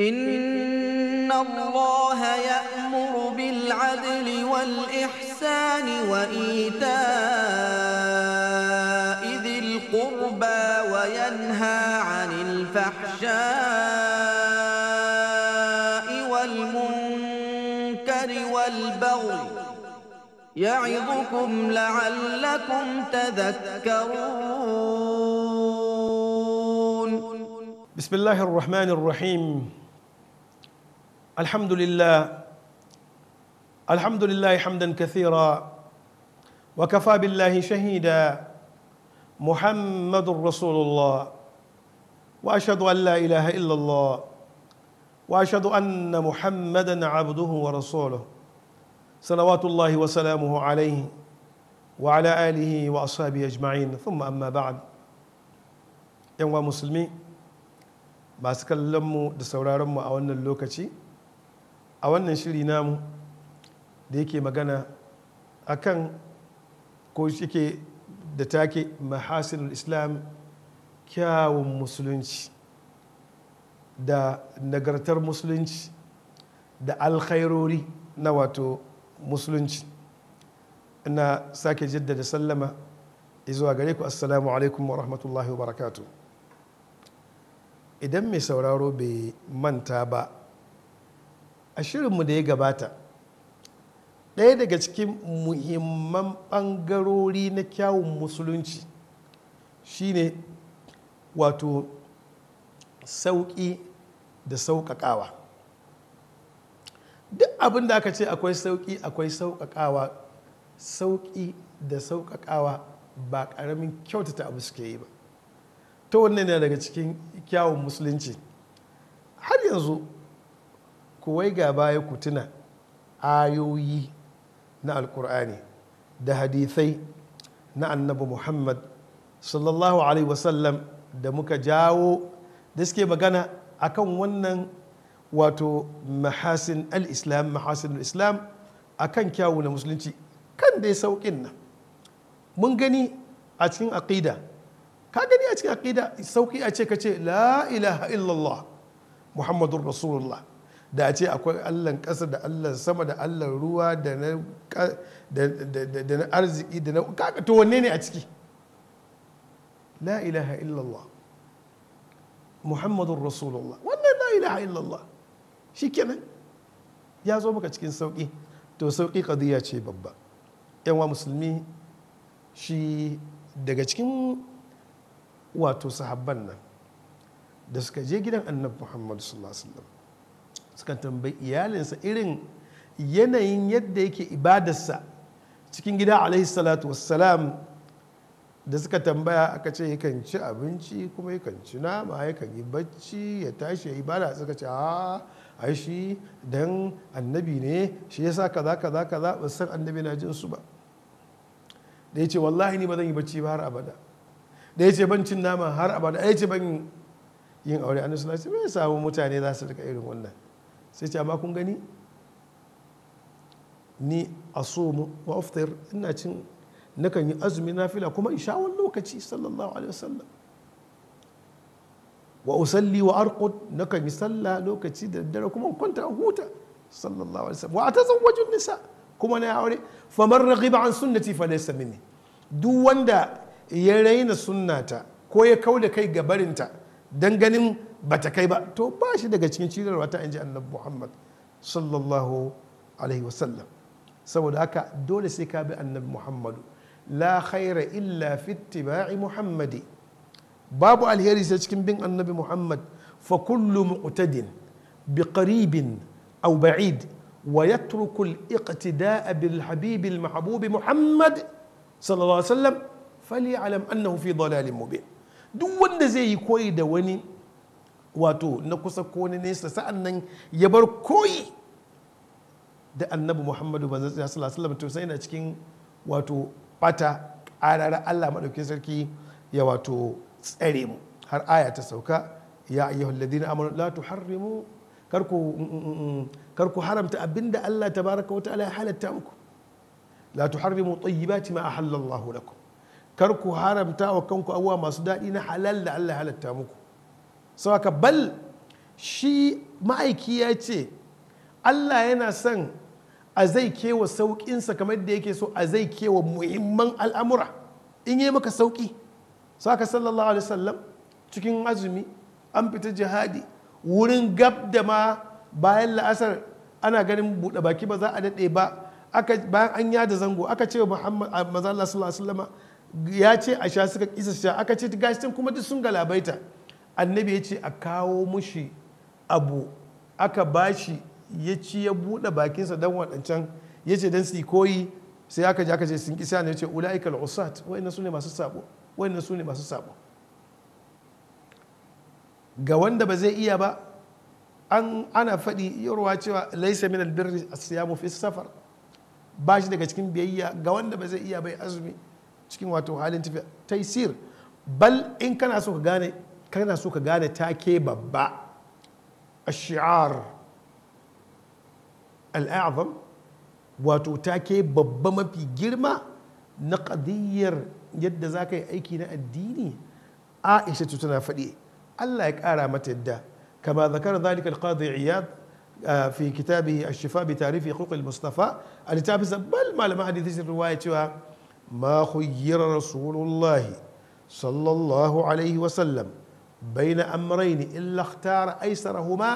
إن الله يأمر بالعدل والإحسان وإيتاء ذي القربى وينهى عن الفحشاء والمنكر والبغي يعظكم لعلكم تذكرون بسم الله الرحمن الرحيم الحمد لله الحمد لله حمدا كثيرا وكفى بالله شهيدا محمد رسول الله واشهد ان لا اله الا الله واشهد ان محمدا عبده ورسوله صلوات الله وسلامه عليه وعلى اله واصحابه اجمعين ثم اما بعد yan wa musulmi masu kallon mu da sauraron mu a wannan lokaci a wannan shiri namu da yake magana a kan ko yake da take mahasinul islam kyawun musulunci da nagartar musulunci da alkhairori na wato musulunci ina sake jaddada sallama zuwa gare ku assalamu alaikum wa rahmatullahi wa barakatu idan mai sauraro bai manta ba a shirinmu da ya gabata ɗaya daga cikin muhimman ɓangarori na kyawun musulunci shine wato sauƙi da sauƙaƙawa duk abin da aka ce akwai sauƙi akwai sauƙaƙawa sauƙi da sauƙaƙawa ba ƙaramin kyautata abu suke yi ba ta wannan daga cikin kyawun musulunci har yanzu Kuwai ga baya ku tuna ayoyi na alkur'ani da hadithai na annabi muhammad sallallahu alaihi wasallam da muka jawo da suke magana akan wannan wato mahasin al-islam mahasin al-islam akan kyawu na musulunci kan dai sauƙin nan mun gani a cikin aƙida ka gani a cikin aƙida sauƙi a ce ka ce la ilaha illallah muhammadun rasulullah da a ce akwai allan ƙasa da allan sama da allan ruwa da na arziki da na kaka to wanne ne a ciki la ilaha illallah muhammadun rasulullah wannan la ilaha illallah shi kenan ya zo maka cikin sauƙi to sauƙi ƙadiyya ce babba yanwa musulmi shi daga cikin wato sahabban nan da suka je gidan annabi muhammadu sallallahu alaihi wasallam Suka tambayi iyalinsa irin yanayin yadda yake ibadarsa cikin gida alaihi salatu wassalam da suka tambaya aka ce yakan ci abinci kuma yakan ci nama yakan yi bacci ya tashi ya ibada suka ce a aishi don dan annabi ne shi yasa kaza kaza kaza ba san annabi na jin su ba da ya ce wallahi ni ba zan yi bacci ba har abada da ya ce ban cin nama har abada ya ce ban yin aure annabi sallallahu alaihi wasallam ya samu mutane za su rika irin wannan sai ce amma kun gani ni a asumu wa aftir ina cin kan yi azumi na fila kuma in wani lokaci sallallahu alaihi wasallam wa usalli wa arqud kan yi sallah lokaci da daddare kuma kwanta huta sallallahu alaihi wasallam wa wajin nisa kuma na aure faman raghiba an sunnati fa laysa minni duk wanda ya raina sunnata ko ya kauda kai ga barinta dan ganin ba ta kai ba to ba shi daga cikin cirarwa ta inji annabi muhammad sallallahu alaihi wasallam saboda haka dole sai ka bi annabi muhammadu la khaira illa fi ittiba'i muhammadi babu alheri sai cikin bin annabi muhammad fa kullu mu'tadin bi qaribin aw ba'id wa yatruku al-iqtida'a bil habib al mahbub muhammad sallallahu alaihi wasallam fali alam annahu fi dalalin mubin duk wanda zai yi koyi da wani wato na kusa ko na nesa sa'an nan ya bar koyi da annabi muhammadu banzan tsira sallallahu alaihi to sai na cikin wato bata arara allah maɗauki sarki ya wato tsare mu har aya ta sauka ya ayyuhal ladina amanu la tuharrimu kar ku mm, mm, mm, haramta abinda allah tabaraka wa ta'ala ya halatta muku la tuharrimu tayyibati ma ahallallahu lakum kar ku haramta wa kanku abubuwa masu daɗi na halal da allah halatta muku sauka bal shi ma'aiki ya ce allah yana son a zai kewa sauƙinsa kamar da yake so a zai kewa muhimman al'amura in yi maka sauƙi saka sallallahu alaihi wasallam cikin azumi an fita jihadi wurin gab da ma bayan la'asar ana ganin buɗe baki ba za a daɗe ba bayan an yada zango aka ce muhammad maza sallallahu alaihi ya ce a sha suka isa sha aka ce ta gashi kuma duk sun galabaita annabi ya ce a kawo mushi abu aka bashi ya ci ya buɗe bakinsa don waɗancan ya ce don su koyi sai aka ji aka ce sun kisa ne ya ce ula'ikal usat wa'annan su ne masu sabo wa'annan su ne masu sabo ga wanda ba zai iya ba an ana faɗi yarwa cewa laisa min albirri asiyamu fi safar ba shi daga cikin biyayya ga wanda ba zai iya bai azumi cikin wato halin tafiya taisir bal in kana so ka gane kana so ka gane take babba الشعار الأعظم تاكي ببما في جرما نقدير يد زاكي أيكينا الديني عائشة تنافدي الله يكارا متدا كما ذكر ذلك القاضي عياد في كتابه الشفاء بتعريف حقوق المصطفى تابس بل ما لم حديث الرواية ما خير رسول الله صلى الله عليه وسلم بين أمرين إلا اختار أيسرهما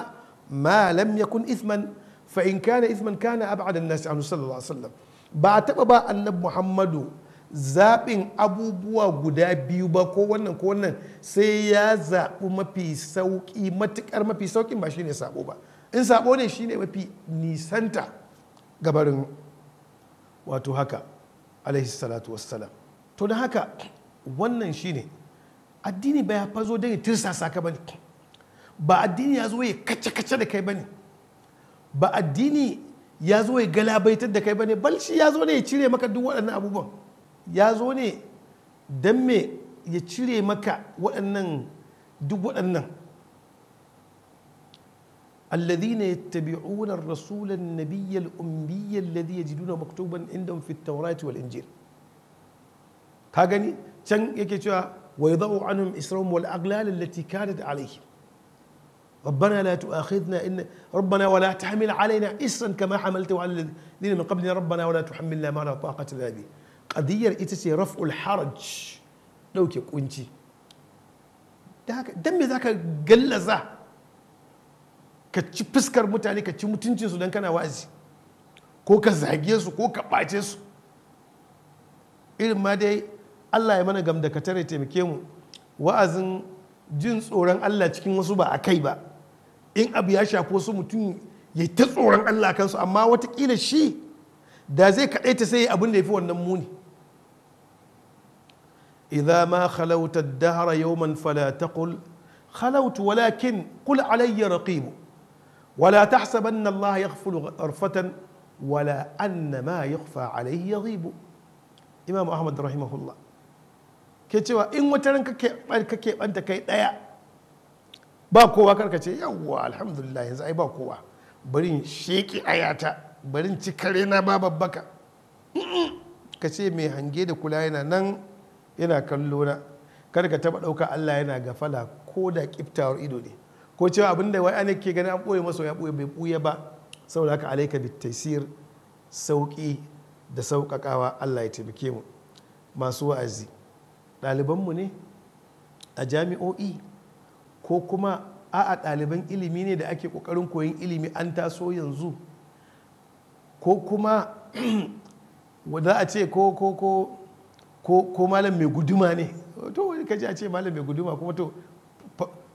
ما لم يكن إثما فإن كان إثما كان أبعد الناس عنه صلى الله عليه وسلم بعتبا أن محمد zaɓin abubuwa guda biyu ba ko wannan ko wannan sai ya zaɓi mafi sauƙi matuƙar mafi sauƙin ba shine sabo ba in sabo ne shine mafi nisanta gabarin wato haka alaihi salatu wassalam to da haka wannan shine ne addini ba ya fazo don ya tirsasa ka bane ba addini ya zo ya kace-kace da kai bane ba addini ya zo ya galabaitar da kai bane bal shi ya zo ne ya cire maka duk waɗannan abubuwan ya zo ne don me ya cire maka waɗannan duk waɗannan الذين يتبعون الرسول النبي الأمي الذي يجدونه مكتوبا عندهم في التوراة والإنجيل كاغني كان يكي ويضعوا عنهم إسرهم والأغلال التي كانت عليهم ربنا لا تؤاخذنا إن ربنا ولا تحمل علينا إسرا كما حملته على الذين من قبلنا ربنا ولا تحملنا ما لا طاقة لنا به قضية إتسي رفع الحرج لو كي كنتي دم ذاك قلزة كتش بسكر fuskar كتش متنجي سودان كان وازي كوكا wa'azi كوكا باجيسو إلما دي Allah ya mana gamdakatar ya taimake mu wa'azin jin tsoron Allah cikin wasu ba akai ba in abu ya shafo su mutum ya ta tsoron Allah kansu amma watakila shi da zai ta sai abin da ya fi wannan muni idza ma khalawta ad-dahra yawman fala taqul خلوت ولكن قل علي رقيب ولا تحسبن الله يغفل غرفة ولا أن ما يخفى عليه يغيب إمام أحمد رحمه الله ke cewa in wata ran ka banta kai ɗaya ba kowa karka ce yawwa alhamdulillah yanzu ai ba kowa barin Sheki ayata barin ci kare na ba babbaka ka ce mai hange da kula yana nan yana kallo na kar ka taɓa ɗauka allah yana gafala ko da kiftawar ido ne ko cewa abin da wai ana ke gani an boye masa ya boye bai buye ba saboda haka alaika bitasir Sauki da sauƙaƙawa allah ya taimake mu masu wa'azi ɗalibanmu ne a jami'o'i ko kuma a'a ɗaliban ilimi ne da ake ƙoƙarin koyon ilimi an taso yanzu ko kuma wadda a ce ko ko ko ko ko malam mai guduma ne to wani kaji a ce malam mai guduma kuma to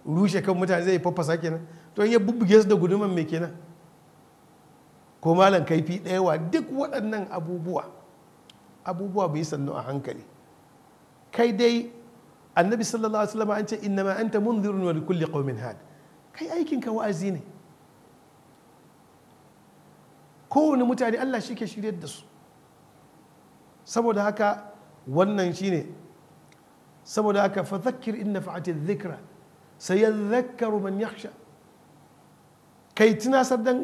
rushe kan mutane zai faffasa kenan to in ya bubbuge su da guduman mai kenan ko malam kaifi ɗayawa duk waɗannan abubuwa abubuwa bai sannu a hankali kai dai annabi sallallahu alaihi wasallam an ce innama anta munzirun wa likulli qaumin had kai aikin ka wa'azi ne kowane mutane Allah shi ke shirye da su saboda haka wannan shine saboda haka fadhakkir inna fa'ati dhikra sayadhakkaru man yakhsha kai tunasar dan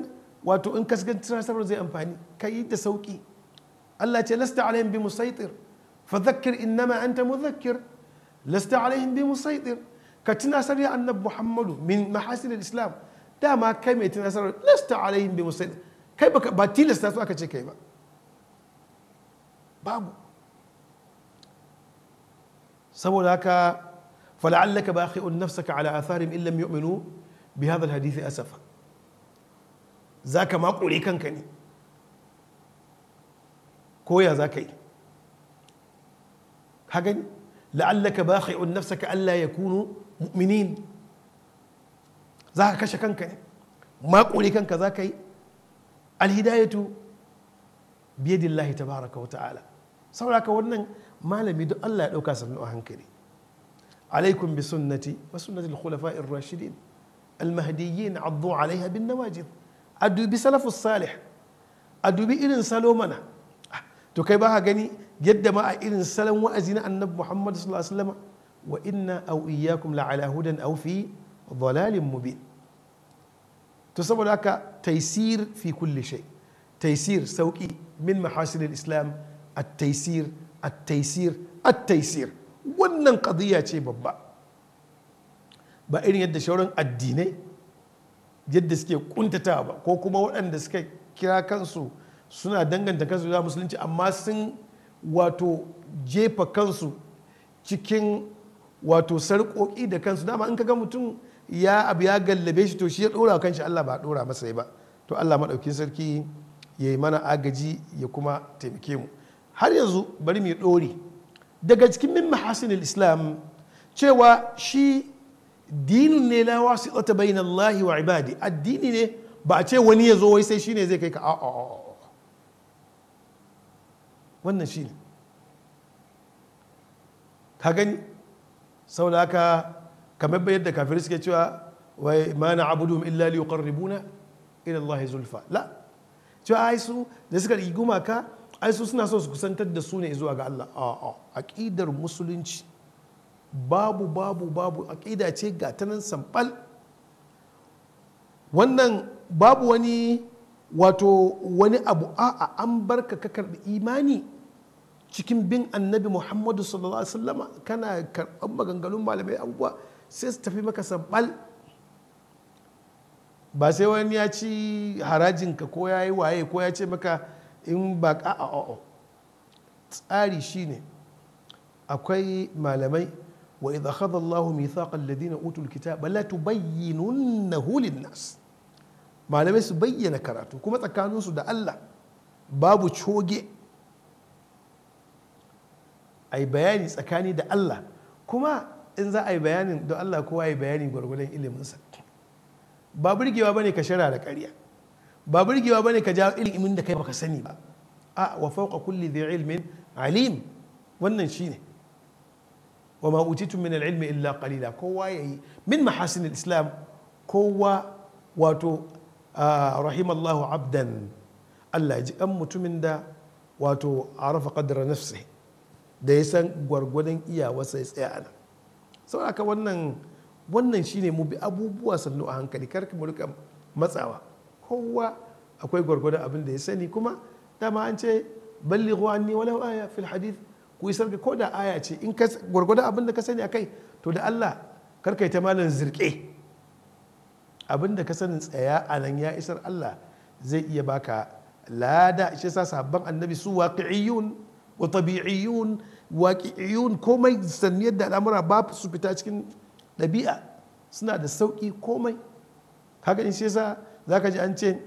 wato in kasgan tunasar zai amfani kai da sauki Allah ce lasta alaihim bi musaitir فذكر إنما أنت مذكر لست عليهم بمسيطر كتناصر يا النبي محمد من محاسن الإسلام ما كم يتناصر لست عليهم بمسيطر كيف باتيل استاسو أكتشي كيف بابو سبو لك فلعلك باخئ نفسك على آثارهم إن لم يؤمنوا بهذا الحديث أسفا ذاك ما قولي كان كني كويا ذاك hagan la'allaka bakhi'un nafsaka alla yakunu mu'minin za ka kashe kanka ne makure kanka za ka yi alhidayatu biyadillahi tabaraka wa ta'ala saboda wannan malami duk Allah ya dauka sannu a hankali alaikum bi sunnati wa sunnati al-khulafa'i ar-rashidin al-mahdiyyin addu 'alayha bin nawajid adubi salafus salih adubi irin salomana to kai ba gani yadda ma a irin salon wa'azi na annabi muhammad sallallahu alaihi wasallam wa inna aw iyyakum la ala hudan aw fi dhalalin mubin to saboda haka taysir fi kulli shay taysir sauki min mahasil islam at-taysir at-taysir at-taysir wannan qadiya ce babba ba irin yadda shauran addinai yadda suke kuntatawa ba ko kuma waɗanda suka kira kansu suna danganta kansu zuwa musulunci amma sun wato jefa kansu cikin wato sarƙoƙi da kansu dama in kaga mutum ya abu ya gallabe shi to shi ya ɗora kanshi Allah ba ɗora masa ba to Allah maɗaukin sarki ya yi mana agaji ya kuma taimake mu har yanzu bari mu ɗori daga cikin min mahasinul islam cewa shi dinin ne la wasita bainallahi wa ibadi addini ne ba a ce wani ya zo wai sai shine zai kai ka a'a wannan shi ne ka gani saboda haka kamar yadda da kafiri suke cewa wai ma na abudu illa li yuqarribuna ila Allah zulfa la cewa ai su da suka guma gumaka ai su suna so su kusantar da su ne zuwa ga Allah a a musulunci babu babu babu aqida ce ga tanan wannan babu wani wato wani abu a'a an barka ka karɓi imani cikin bin annabi muhammadu sallallahu alaihi wasallama kana karɓar maganganun malamai abubuwa sai su tafi maka sabbal ba sai wani ya ci harajinka ko ya yi waye ko ya ce maka in ba a a tsari shine akwai malamai wa idha khadha Allahu mithaqa alladhina utul kitaba la tubayyinunahu lin malamai su bayyana karatu kuma tsakaninsu da Allah babu coge a yi bayani tsakani da Allah kuma in za a yi bayanin don Allah kowa ya bayani gwargwadon iliminsa ba burgewa bane ka shara da ƙarya ba burgewa bane ka jawo ilimin da kai baka sani ba a wa fawqa kulli dhi ilmin alim wannan shine wa ma utitum min al-ilmi illa qalila kowa yayi min mahasin al-islam kowa wato rahimallahu abdan Allah ya ji kan mutumin da wato arafa qadra nafsihi da ya san gwargwadon iyawarsa ya tsaya nan saboda aka wannan wannan shine mu bi abubuwa sannu a hankali kar ka rika matsawa kowa akwai gwargwadon abin da ya sani kuma dama an ce ballighu ni walau aya fil hadith ku isar ga koda aya ce in ka gwargwadon abin da ka sani akai to da Allah kar kai ta malan zirke abin da ka sanin tsaya a nan ya isar Allah zai iya baka lada shi sa sabban annabi su waqi'iyun wa tabi'iyun waƙi'iyun komai sannu yadda al'amura ba su fita cikin ɗabi'a suna da sauƙi komai haka in shi yasa za ka ji an ce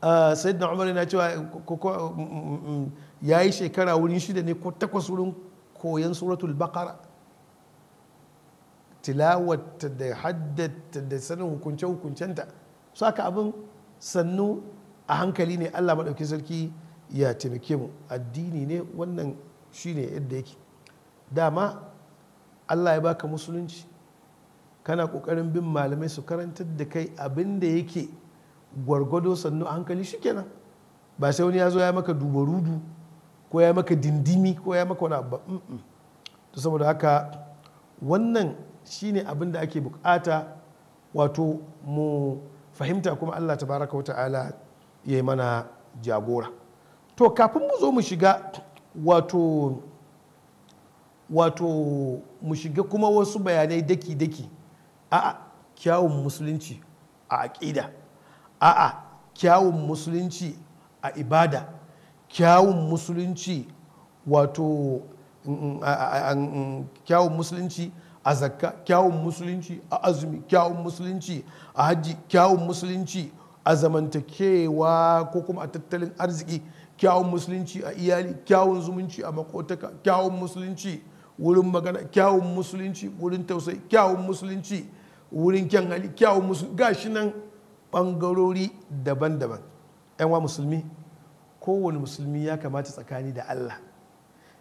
ah, sayyidina umar yana cewa mm, mm, mm, ya yi shekara wurin shida ne ko takwas wurin koyon suratul bakara tilawata da haddata da sanin hukunce hukuncenta su aka abin sannu a hankali ne allah maɗauki sarki ya taimake mu addini ne wannan shi ne yadda yake dama allah ya baka musulunci kana ƙoƙarin bin malamai su karantar da kai abinda yake gwargwado sannu hankali shi kenan ba sai wani ya zo ya maka dubarudu ko ya maka dindimi ko ya maka wani abu to saboda haka wannan shine abin da ake bukata wato mu fahimta kuma allah ta baraka wa ta'ala ya yi mana jagora to kafin mu zo mu shiga wato wato mu shiga kuma wasu bayanai daki-daki a'a kyawun musulunci a aƙida a'a kyawun musulunci a ibada kyawun musulunci wato mm, mm, mm, kyawun musulunci a zakka kyawun musulunci a azumi kyawun musulunci a hajji kyawun musulunci a zamantakewa ko kuma a tattalin arziki kyawun musulunci a iyali kyawun zumunci a makotaka kyawun musulunci wurin magana kyawun musulunci wurin tausayi kyawun musulunci wurin kyan hali kyawun musulunci gashi nan bangarori daban-daban yanwa musulmi kowane musulmi ya kamata tsakani da allah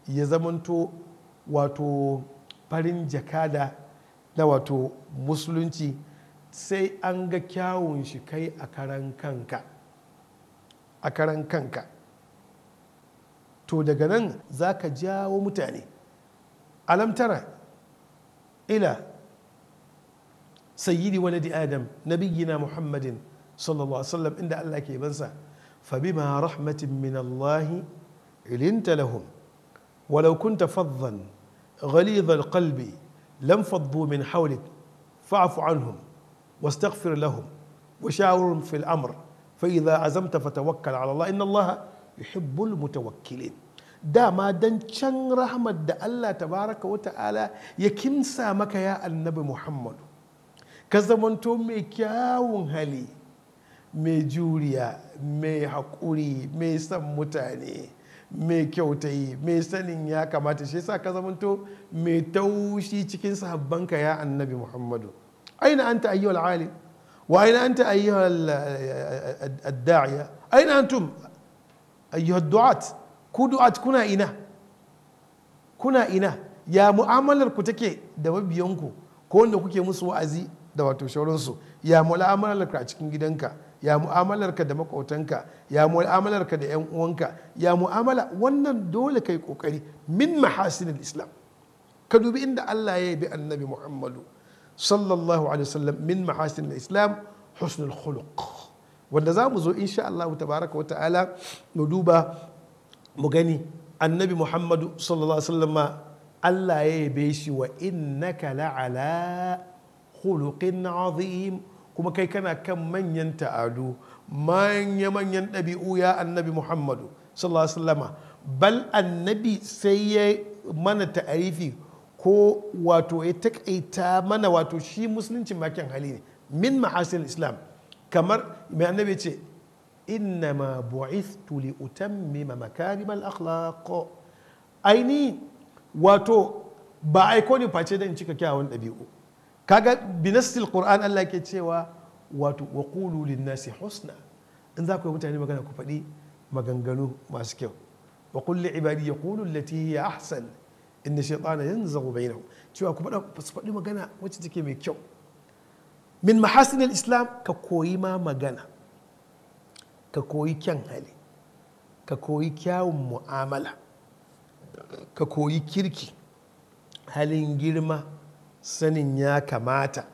ya zamanto wato farin jakada na wato musulunci sai an ga kyawun shi kai a karan kanka a karan kanka to daga nan za ka jawo mutane alamtara ila sayyidi waladi adam nabiyina muhammadin sallallahu alaihi wasallam inda allah ke bansa فبما رحمة من الله لنت لهم ولو كنت فظا غليظ القلب لانفضوا من حولك فاعف عنهم واستغفر لهم وشاورهم في الأمر فإذا عزمت فتوكل على الله إن الله yuhibbul mutawakkilin dama don can rahmat da Allah tabaraka wa ta'ala ya kimsa maka ya annabi Muhammadu ka zamanto mai kyawun hali mai juriya mai haƙuri mai son mutane mai kyautayi mai sanin ya kamata shi sa ka zamanto mai taushi cikin sahabbanka ya annabi Muhammadu aina anta ayyuhal alim wa aina anta ayyuhal eh, eh, eh, adda'iya aina antum ayyuhu du'at ku du'at kuna ina kuna ina ya mu'amalar ku take da mabiyanku ko wanda kuke musu wa'azi da wato shauransu ya mu'amalar ka a cikin gidanka ya mu'amalar ka da makwautanka ya mu'amalar ka da yan uwanka ya mu'amala wannan dole kai kokari min mahasinil islam ka dubi inda Allah ya yabi annabi Muhammadu sallallahu alaihi wasallam min mahasinil islam husnul khuluq wanda za mu zo insha Allah tabaraka wa ta'ala mu duba mu gani annabi muhammadu sallallahu alaihi wasallam Allah ya yabe shi wa innaka la'ala khuluqin azim kuma kai kana kan manyan ta'adu manya manyan ɗabi'u ya annabi muhammadu sallallahu alaihi wasallam bal annabi sai ya mana ta'arifi ko wato ya takaita mana wato shi musulunci makin hali ne min ma'asil islam kamar mai annabi ce innama bu'ithtu li utammima makarimal akhlaq aini wato ba aiko ni face dan cika kyawun ɗabi'u kaga binastil qur'an Allah ke cewa wato wa qulu lin nasi husna in za ku yi mutane magana ku faɗi maganganu masu kyau wa qul li ibadi yaqulu allati hiya ahsan inna shaytana yanzaghu bainahum cewa ku faɗi magana wacce take mai kyau min mahasinil islam ka koyi ma magana ka koyi kyan hali ka koyi kyawun mu'amala ka koyi kirki halin girma sanin ya kamata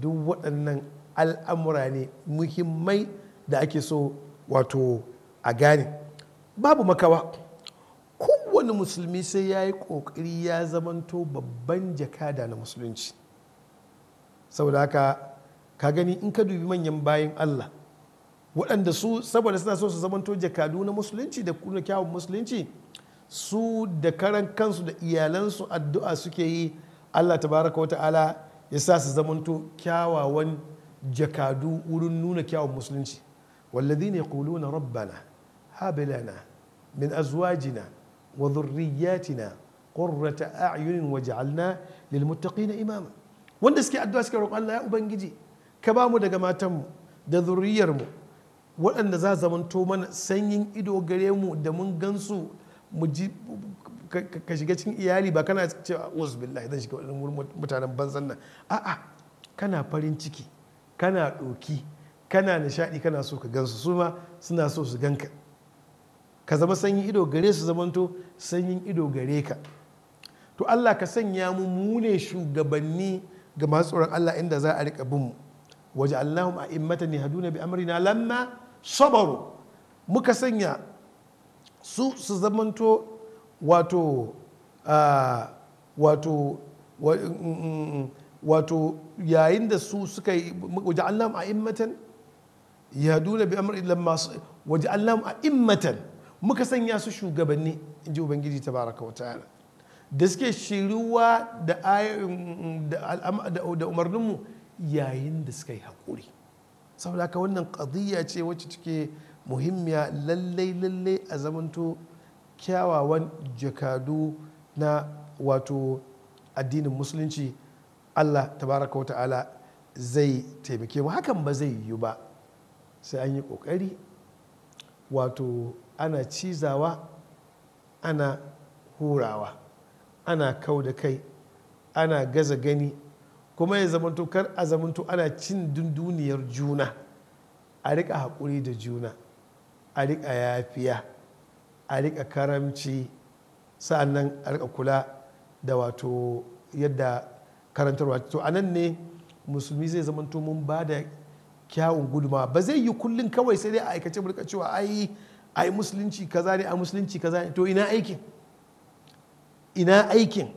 duk waɗannan al'amura ne muhimmai da ake so wato a gane babu makawa kowane musulmi sai ya yi ƙoƙari ya zamanto babban jakada na musulunci saboda haka ka gani in ka dubi manyan bayan Allah waɗanda su saboda suna so su zamanto jakadu na musulunci da kuna kyawun musulunci su da karan kansu da iyalansu addu'a suke yi Allah tabaraka wa ta'ala ya sa su zamanto kyawawan jakadu wurin nuna kyawun musulunci والذين يقولون ربنا هب لنا من أزواجنا وذرياتنا قرة أعين وجعلنا للمتقين imama wanda suke addu'a suke roƙon Allah ya ubangiji ka ba mu daga matanmu da zuriyarmu waɗanda za zamanto mana sanyin ido gare mu da mun gansu mu ji ka shiga cikin iyali ba kana cewa uzu billahi zan shiga waɗannan mutanen banzan nan a'a kana farin ciki kana ɗoki kana nishaɗi kana so ka gansu su ma suna so su ganka ka zama sanyin ido gare su zamanto sanyin ido gare ka to Allah ka sanya mu mune shugabanni ga masu tsoron Allah inda za a riƙa bin mu waj'alnahum a'immatan yahduna bi amrina lamma sabaru muka sanya su su zamanto wato wato mm, mm, mm, wato yayin da su suka yi waj'alnahum a'immatan yahduna bi amrina lamma waj'alnahum a'immatan muka sanya su shugabanni in inji ubangiji tabaraka wa ta'ala da suke shiruwa da umarninmu yayin da suka yi haƙuri saboda haka wannan ƙadiyya ce wacce take muhimmiya lallai lallai a zamanto kyawawan jakadu na wato addinin musulunci allah tabaraka wata'ala zai taimake mu hakan ba zai yiwu ba sai an yi ƙoƙari wato ana cizawa ana hurawa ana kau da kai ana gaza gani kuma ya zamanto kar a zamanto ana cin dunduniyar juna a rika haƙuri da juna a rika yafiya a rika karamci sa'annan a rika kula da wato yadda karantarwa to a nan ne musulmi zai zamanto mun ba da kyawun guduma ba zai yi kullum kawai sai dai a aikace mu cewa ai ai musulunci kaza ne a musulunci kaza ne to ina aikin ina aikin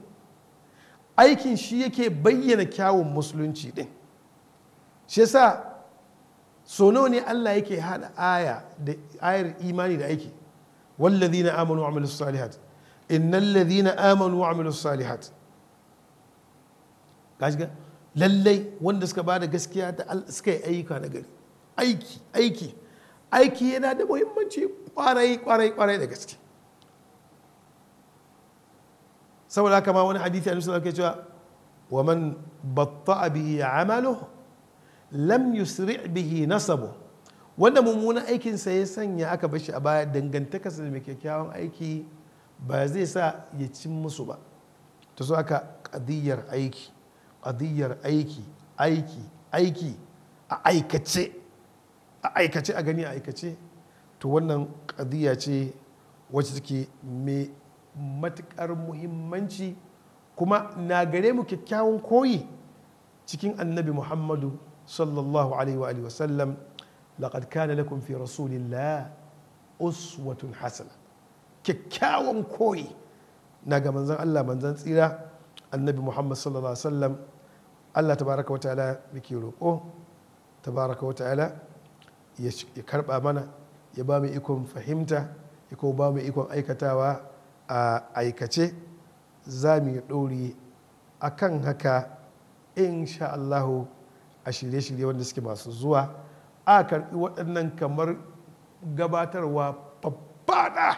aikin shi yake bayyana kyawun musulunci din shi yasa so nawa ne Allah yake hada aya da ayar imani da aiki wallazina amanu wa amilus salihat innal ladhina amanu wa amilus salihat gashi lallai wanda suka bada gaskiya ta suka yi ayyuka na gari aiki aiki aiki yana da muhimmanci kwarai kwarai kwarai da gaske saboda haka ma wani hadisi a nusa ke cewa wa man batta'a bihi amalu lam yusri' bihi nasabu wanda mummunan aikin sa ya sanya aka bashi a baya dangantakarsa da mai kyakkyawan aiki ba zai sa ya cin musu ba ta so aka kadiyar aiki Kadiyar aiki aiki aiki a aikace a aikace a gani a aikace to wannan kadiyar ce wacce take mai matuƙar muhimmanci kuma na gare mu kyakkyawan koyi cikin annabi muhammadu sallallahu alaihi wa sallam laqad kana lakum fi rasulillah uswatun hasana kyakkyawan koyi na ga manzan Allah manzan tsira annabi muhammad sallallahu alaihi wa sallam Allah tabaraka wa ta'ala muke roƙo tabaraka wa ta'ala ya karɓa mana ya ba mu ikon fahimta ya kuma ba mu ikon aikatawa a aikace za mu yi ɗori a kan haka insha Allahu a shirye-shirye wanda suke masu zuwa a karɓi waɗannan kamar gabatarwa faffaɗa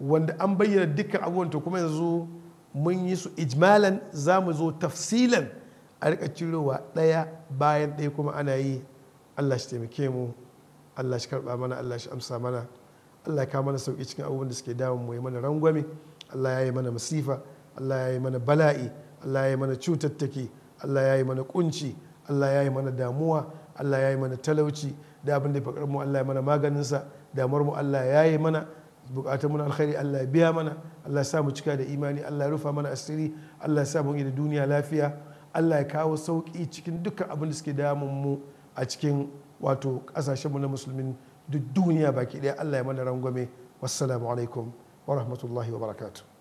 wanda an bayyana dukkan abubuwan to kuma yanzu mun yi su ijmalan za mu zo tafsilan a rika cirowa ɗaya bayan ɗaya kuma ana yi allah shi taimake mu allah shi karɓa mana allah shi amsa mana Allah ya mana sauki cikin abubuwan da suke damun mu ya mana rangwame Allah ya yi mana masifa Allah ya yi mana bala'i Allah ya yi mana cutattake. Allah ya yi mana kunci Allah ya yi mana damuwa Allah ya yi mana talauci da abin da fakar mu Allah ya mana maganinsa damar mu Allah ya yi mana bukatun mu alkhairi Allah ya biya mana Allah ya sa mu cika da imani Allah ya rufa mana asiri Allah ya sa mu da duniya lafiya Allah ya kawo sauki cikin dukkan abin da suke damun mu a cikin wato kasashen mu na musulmin duk duniya baki ɗaya Allah ya mana rangwame wassalamu alaikum wa rahmatullahi wa barakatuh